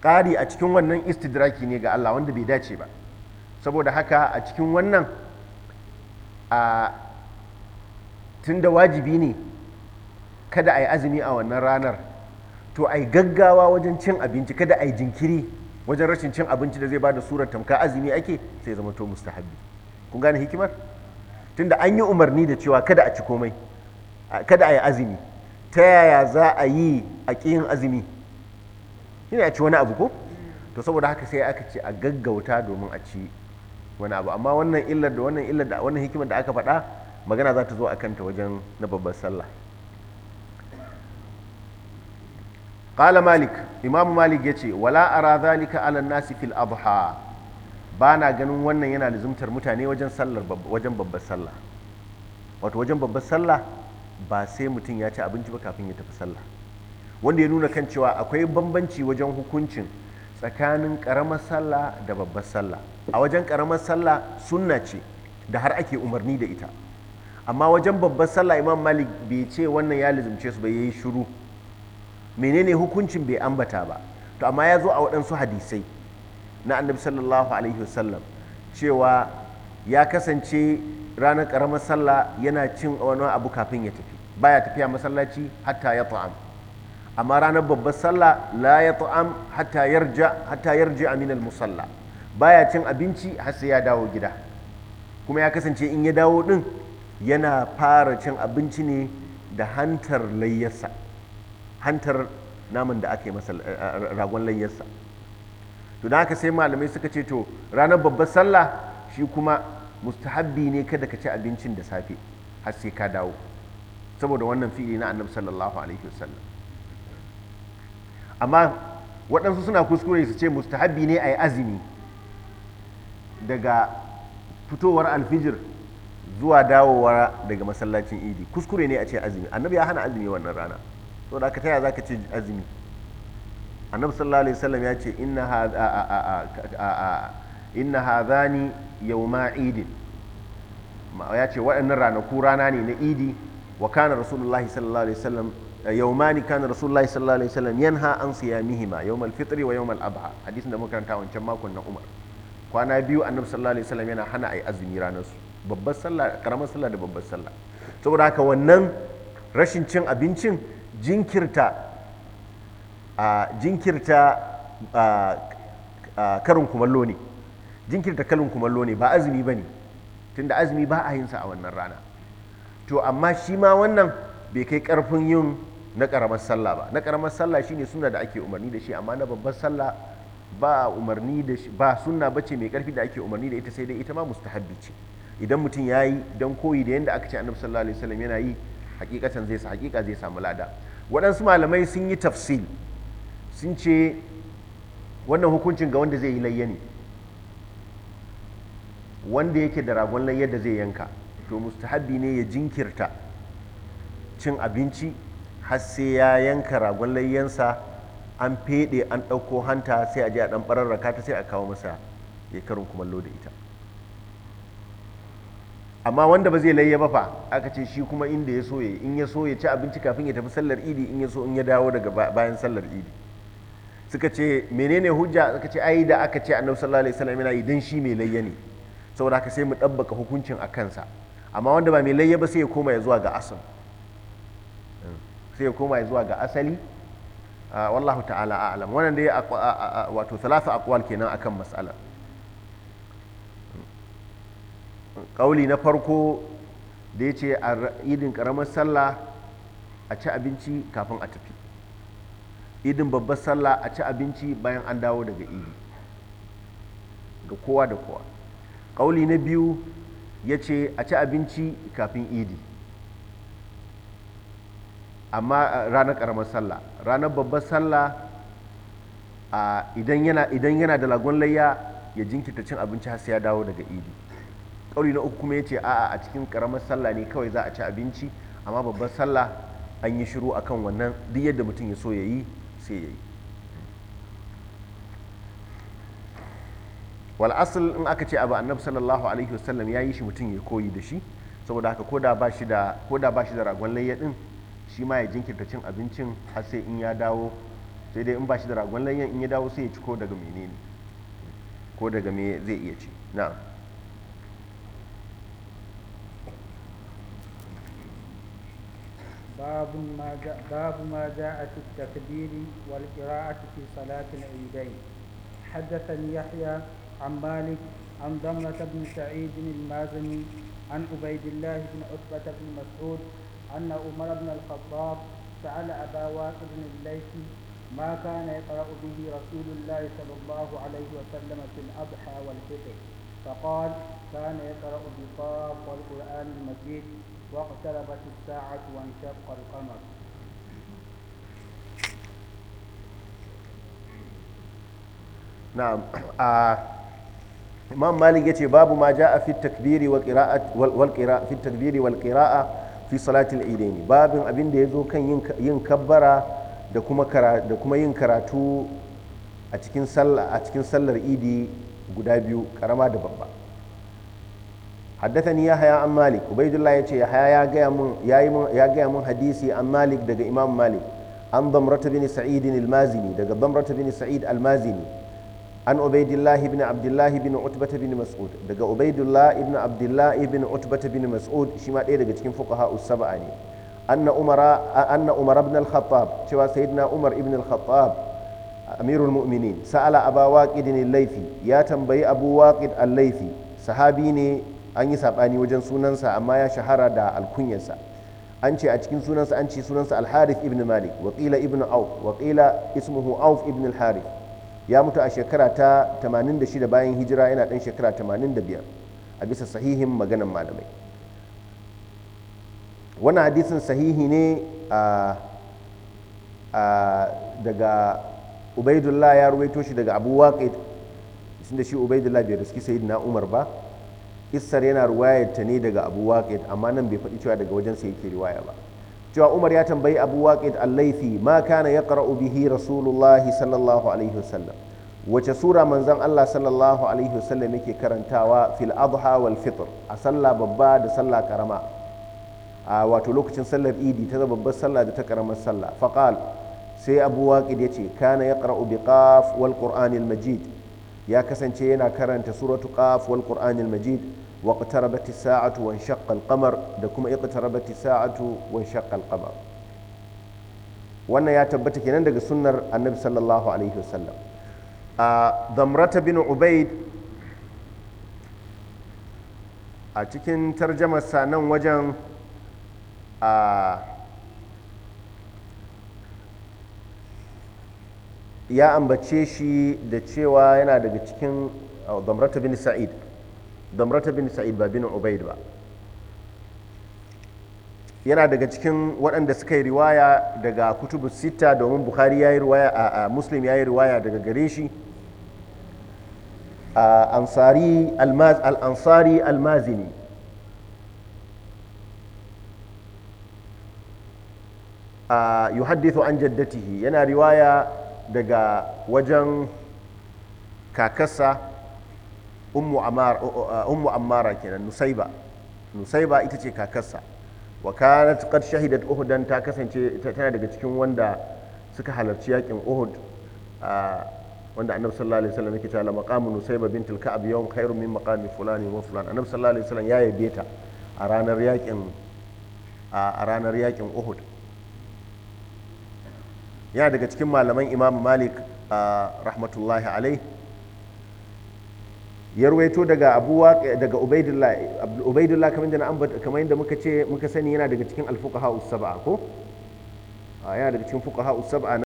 ƙari a cikin wannan istidraki ne ga Allah wanda bai dace ba saboda haka a cikin wannan a tunda wajibi ne kada a yi azumi a wannan ranar to a yi gaggawa wajen cin abinci kada a yi jinkiri wajen rashin cin abinci da zai ba da surar tamka azumi ake sai zama to mustahabbi kun gane hikimar tunda an yi umarni da cewa kada a ci komai kada a yi azumi ta yaya za a yi a ƙiyin azumi shine a ci wani abu ko to saboda haka sai aka ce a gaggauta domin a ci wani abu amma wannan illar da wannan illar da wannan hikimar da aka faɗa magana za ta zo a kanta wajen na babbar sallah qala malik imamu malik ya ce wala ara zalika ala nasi fil adha ba na ganin wannan yana lizumtar mutane wajen babbar sallah wato wajen babbar sallah ba sai mutum ya ci abinci ba kafin ya tafi sallah wanda ya nuna kan cewa akwai bambanci wajen hukuncin tsakanin karamar sallah da babbar sallah a wajen karamar sallah sunna ce da har ake umarni da ita amma wajen babbar sallah imam malik bai ce wannan ya lizumce su ba yayi shiru menene hukuncin bai ambata ba to amma ya zo a waɗansu hadisai na annabi sallallahu alaihi wasallam cewa ya kasance ranar karamar sallah yana cin wani abu kafin ya tafi baya tafiya masallaci hatta ya ta'am amma ranar babbar sallah la ya ta'am hatta yarja hatta yarja aminal musalla baya cin abinci har sai ya dawo gida kuma ya kasance in ya dawo din yana fara cin abinci ne da hantar layyarsa hantar naman da aka yi masa eh, eh, ragon layyarsa to da haka sai malamai suka ce to ranar babbar sallah shi kuma mustahabbi ne kada ka ci abincin da safe har sai ka dawo saboda wannan fi'ili na annabi sallallahu alaihi wasallam amma waɗansu suna kuskure su ce mustahabbi ne a yi azumi daga fitowar alfijir zuwa dawowa daga masallacin idi kuskure ne a ce azumi annabi ya hana azumi wannan rana so da aka taya za ka ce azumi annabi sallallahu alaihi wasallam ya ce inna hadhani yawma idin ya ce waɗannan ranaku rana ne na idi wa kana rasulullahi sallallahu alaihi wasallam Yaumani kan rasulullahi sallallahu alaihi wasallam yanha an siyamihima yawmal fitri wa yawmal adha hadisin da muka karanta wancan makon na Umar kwana biyu annabi sallallahu alaihi wasallam yana hana ai azumi ranar su babbar sallah karamar sallah da babbar sallah saboda haka wannan rashin cin abincin jinkirta a jinkirta a karin kumallo ne jinkirta karin kumallo ne ba azumi bane tunda azumi ba a yin sa a wannan rana to amma shi ma wannan bai kai karfin yin na karamar sallah ba na karamar sallah shine suna da ake umarni da shi amma na babbar sallah ba umarni da shi ba sunna bace mai karfi da ake umarni da ita sai dai ita ma mustahabbi ce idan mutum ya yi don koyi da yadda aka ce annabi sallallahu alaihi wasallam yana yi hakikatan zai sa hakika zai samu lada waɗansu malamai sun yi tafsil sun ce wannan hukuncin ga wanda zai yi layya ne wanda yake da ragon layya da zai yanka to mustahabbi ne ya jinkirta cin abinci har sai ya yanka ragon layyansa an feɗe an ɗauko hanta sai a je a ɗan bararraka ta sai a kawo masa ya karin kumallo da ita amma wanda ba zai layya ba fa aka ce shi kuma inda ya soye in ya soye ci abinci kafin ya tafi sallar idi in ya so in ya dawo daga bayan sallar idi suka ce menene hujja suka ce ai da aka ce annabi sallallahu alaihi wasallam yana idan shi mai layya ne saboda haka sai mu ɗabbaka hukuncin a kansa amma wanda ba mai layya ba sai ya koma ya zuwa ga asali sai ya koma zuwa ga asali wallahu ta'ala a'lam wannan dai wato a aqwal kenan akan mas'ala ƙauli na farko da ya ce a idin ƙaramar sallah a ci abinci kafin a tafi idin babbar sallah a ci abinci bayan an dawo daga idi ga kowa da kowa ƙauli na biyu ya ce a ci abinci kafin idi amma uh, ranar karamar sallah ranar babbar sallah uh, idan yana da lagon layya ya jinkirta cin abinci har ya dawo daga idi kauri na uku kuma ce a'a a cikin karamar sallah ne kawai za a ci abinci amma babbar sallah an yi shiru akan wannan duk yadda mutum ya so ya yi sai ya yi wal asal in aka ce abu annabi sallallahu alaihi wasallam ya yi shi mutum ya koyi da shi saboda haka ko da ba shi da ragon layya din shi ma ya jinkirta cin abincin har sai in ya dawo sai dai in ba shi da ragon layin in ya dawo sai ya ci ko daga mene ne ko daga me zai iya ci na. babu ma a babu ma ja a takdiri salatin al-idayn yahya an malik an damla ibn sa'id ibn jinin mazani an ubaydillah ibn utbah ibn mas'ud أن عمر بن الخطاب سأل أبا بن الليثي ما كان يقرأ به رسول الله صلى الله عليه وسلم في الأضحى والفطر فقال كان يقرأ بقاف والقرآن المجيد واقتربت الساعة وانشق القمر نعم آه. إمام مالك يتي باب ما جاء في التكبير والقراءة والقراءة في التكبير والقراءة fi salatin idaini babin abin da ya zo kan yin kabbara da kuma yin karatu a cikin sallar idi guda biyu karama da babba ya haya an malik ubaidullah yace ya gaya mun ya gaya mun hadisi an malik daga imam malik an damrata bin sa'id al daga damrata bin sa'id almazini. an ubaidillah ibn abdullah ibn utbata ibn mas'ud daga ubaidullah ibn abdullah ibn utbata ibn mas'ud shi ma ɗaya daga cikin fuqaha usaba'a ne anna umara anna umar ibn al-khattab cewa sayyidina umar ibn al-khattab amirul mu'minin sa'ala aba waqidin al-laifi ya tambayi abu waqid al-laifi sahabi ne an yi sabani wajen sunansa amma ya shahara da alkunyarsa an ce a cikin sunansa an ce sunansa al-harith ibn malik wa qila ibn auf wa qila ismuhu auf ibn al-harith ya mutu a shekara ta 86 bayan hijira yana dan shekara 85 a bisa sahihin maganan malamai wannan hadisin sahihi ne daga ubaidullah ya ruwaito shi daga abu waƙid da shi ubaidullah bai riski na umar ba issar yana ruwayar ne daga abu waƙid amma nan bai faɗi cewa daga wajen sa yake riwaya ba cewa umar ya tambayi abu waqid al ma kana ya yaqra'u bihi rasulullah sallallahu alaihi wasallam wace sura manzon Allah sallallahu alaihi wasallam yake karantawa fil adha wal fitr a sallah babba da sallah karama a wato lokacin sallar idi ta babbar sallah da ta karamar sallah faqal sai abu ya ce kana yaqra'u bi qaf wal qur'anil majid ya kasance yana karanta suratu qaf wal qur'anil majid واقتربت الساعة وانشق القمر دكما اقتربت الساعة وانشق القمر وانا يا تبتك ينندق سنة النبي صلى الله عليه وسلم ضمرة بن عبيد أتكن ترجمة سانا وجن ya ambace shi da cewa yana daga cikin zamratu bin sa'id damrata bin sa'id ba bin ubaid ba yana daga cikin waɗanda suka yi riwaya daga kutubu sita domin bukhari ya yi riwaya a muslim ya yi riwaya daga gare shi ansari al-ansari al-mazini an jaddatihi yana riwaya daga wajen kakarsa Uh, uh, uh, ummu ammara kenan nusaiba nusaiba ita ce kakarsa wa kanat qad shahidat uhudan ta kasance tana daga cikin wanda suka halarci yakin uhud wanda annabi sallallahu alaihi wasallam yake cewa maqamu nusaiba bint al-ka'b yawm khairu min maqami fulani wa fulan annabi sallallahu alaihi wasallam ya yabe ta a ranar yakin a ranar yakin uhud yana daga cikin malaman imam malik rahmatullahi alaihi ya ruwaito daga abu daga ubaidullah kamar da na ambata kamar yadda muka ce muka sani yana daga cikin alfuka us-sab'a ko ah, yana daga cikin fuqaha us-sab'a